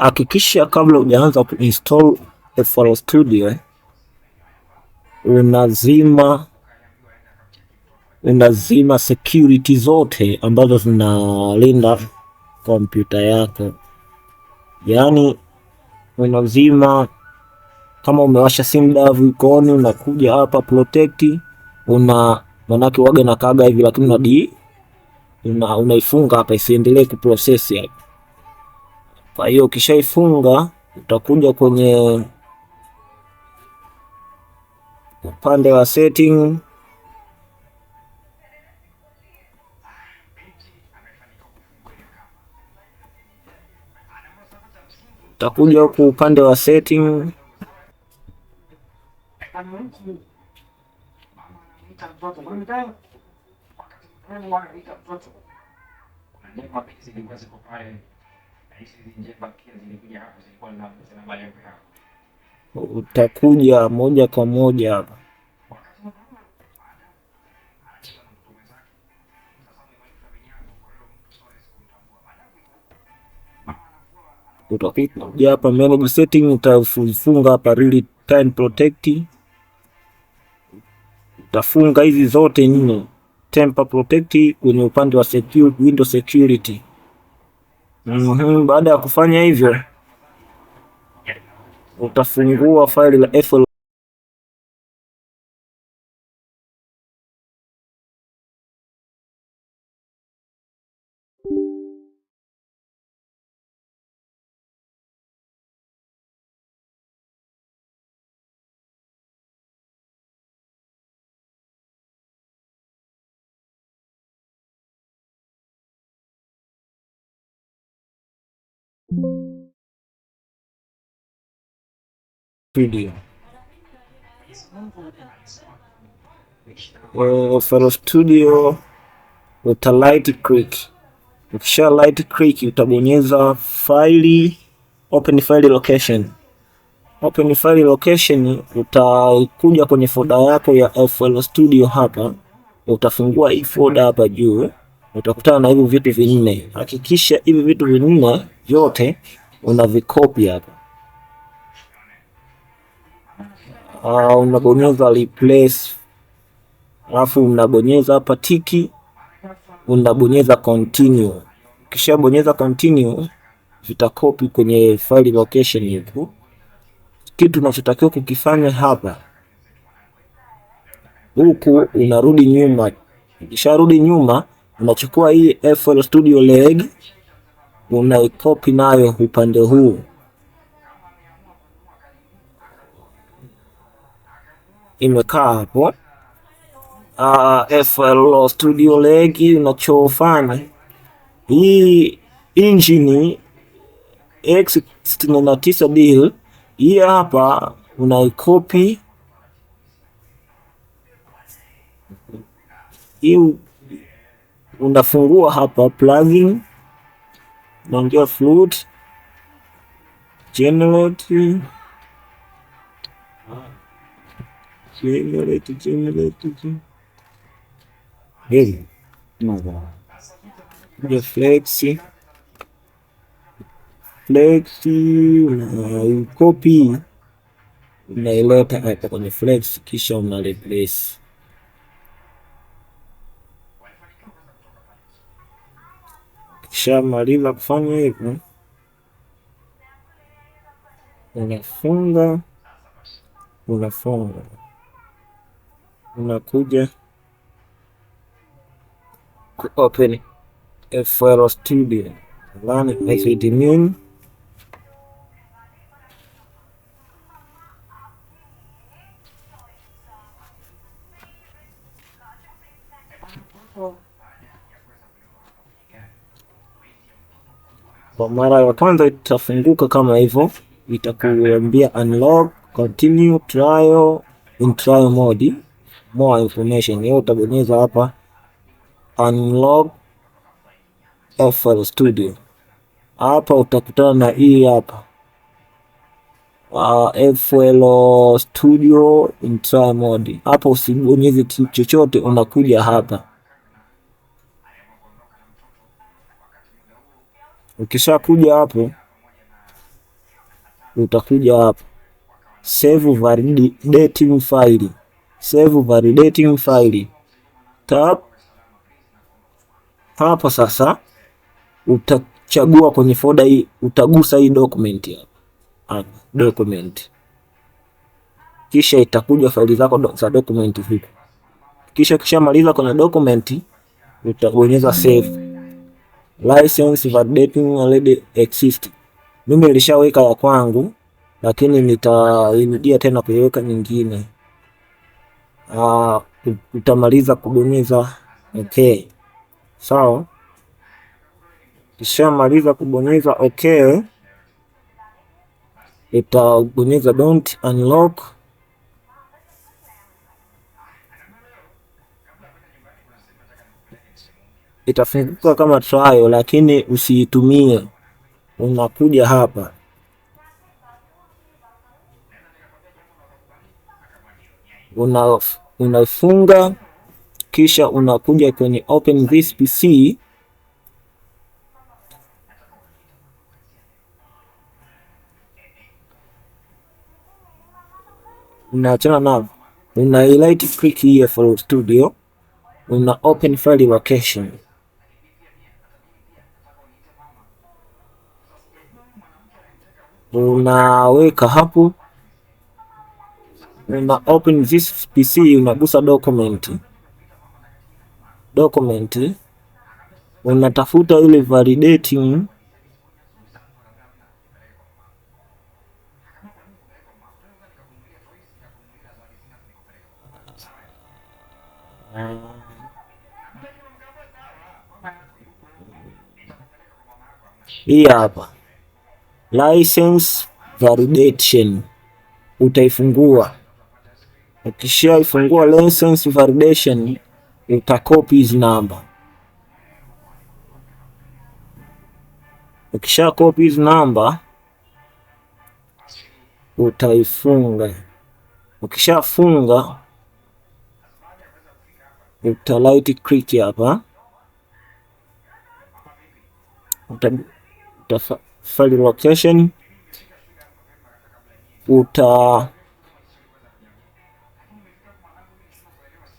Hakikisha kabla hujaanza kuinstall FL Studio unazima unazima security zote ambazo zinalinda kompyuta yako, yaani unazima kama umewasha SimDAV ikoni, unakuja hapa protect, una manake waga na kaga hivi, lakini una unaifunga hapa isiendelee kuprocess hapa kwa hiyo ukishaifunga utakuja kwenye upande wa setting utakuja huku upande wa setting utakuja moja kwa moja hapa. Utakuja hapa manage setting, utafunga hapa real time protect, utafunga hizi zote nne, temper protect kwenye upande wa secure, window security baada ya kufanya hivyo utafungua faili la Video. Mfano studio uta light click, ukisha light click utabonyeza faili, open file location. Open file location, utakuja kwenye foda yako ya FL Studio. Hapa utafungua hii foda hapa juu, utakutana na hivi vitu vinne. Hakikisha hivi vitu vinne vyote unavikopi hapa, uh, unabonyeza replace, alafu unabonyeza hapa tiki, unabonyeza continue. Ukishabonyeza continue, vitakopi kwenye file location yetu. Kitu unachotakiwa kukifanya hapa, huku unarudi nyuma. Ukisharudi nyuma, unachukua hii FL Studio leg unaikopi nayo upande huu imekaa hapo. Uh, ah, FL Studio Lake unachofanya hii engine X69 deal hii hapa unaikopi hii, unafungua hapa plugin naongea flute generate generate generate hili ya flexi flexi unaikopi unaileta hapa kwenye flex, kisha una replace Kishamaliza kufanya hivyo, unafunga unafunga, unakuja ku open FL Studio, yani mm -hmm. Kwa mara ya kwanza itafunguka kama hivyo, itakuambia unlock, continue trial in trial mode, more information. Hiyo utabonyeza hapa unlock FL Studio. Hapa utakutana na hii hapa Uh, ah, FL Studio in trial mode. Hapo usibonyeze chochote, unakuja hapa Ukishakuja hapo utakuja hapo save validating file, save validating file tap. hapo sasa utachagua kwenye folder hii, utagusa hii document hapo hapo ah, document, kisha itakuja faili zako za document huko. Kisha kishamaliza kuna document utabonyeza save license validating already exist. Mimi nilishaweka ya kwangu, lakini nitairudia tena kuiweka nyingine. Ah, utamaliza kubonyeza okay. Sawa so, kishamaliza kubonyeza okay, utabonyeza don't unlock itafunguka kama trial, lakini usiitumie. Unakuja hapa una unafunga, kisha unakuja kwenye open this PC unaachana nao, una highlight click here for studio, una open file location. unaweka hapo, una open this PC, unagusa document document, unatafuta ile validating hii hapa license validation utaifungua. Ukishaifungua license validation, utakopi hizi namba. Ukisha kopi hizi namba utaifunga. Ukishafunga uta right click hapa uta file location uta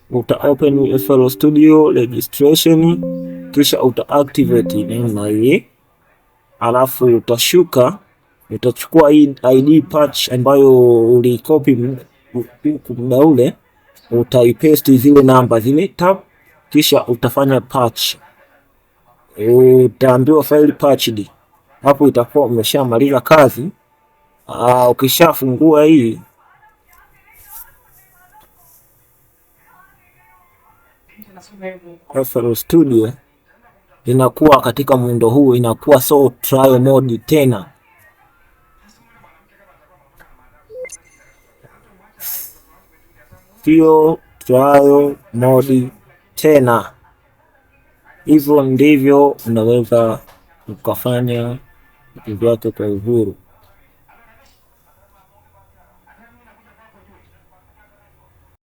uta open FL Studio registration, kisha uta activate namna hii, alafu utashuka, utachukua hii ID patch ambayo huku muda ule, utaipaste zile namba zile tab, kisha utafanya patch, utaambiwa file patched hapo itakuwa umeshamaliza kazi. Aa, ah, ukishafungua hii FL Studio inakuwa katika muundo huu, inakuwa so trial mode tena. Sio trial mode tena. Hivyo ndivyo unaweza ukafanya Ingrato per il guru.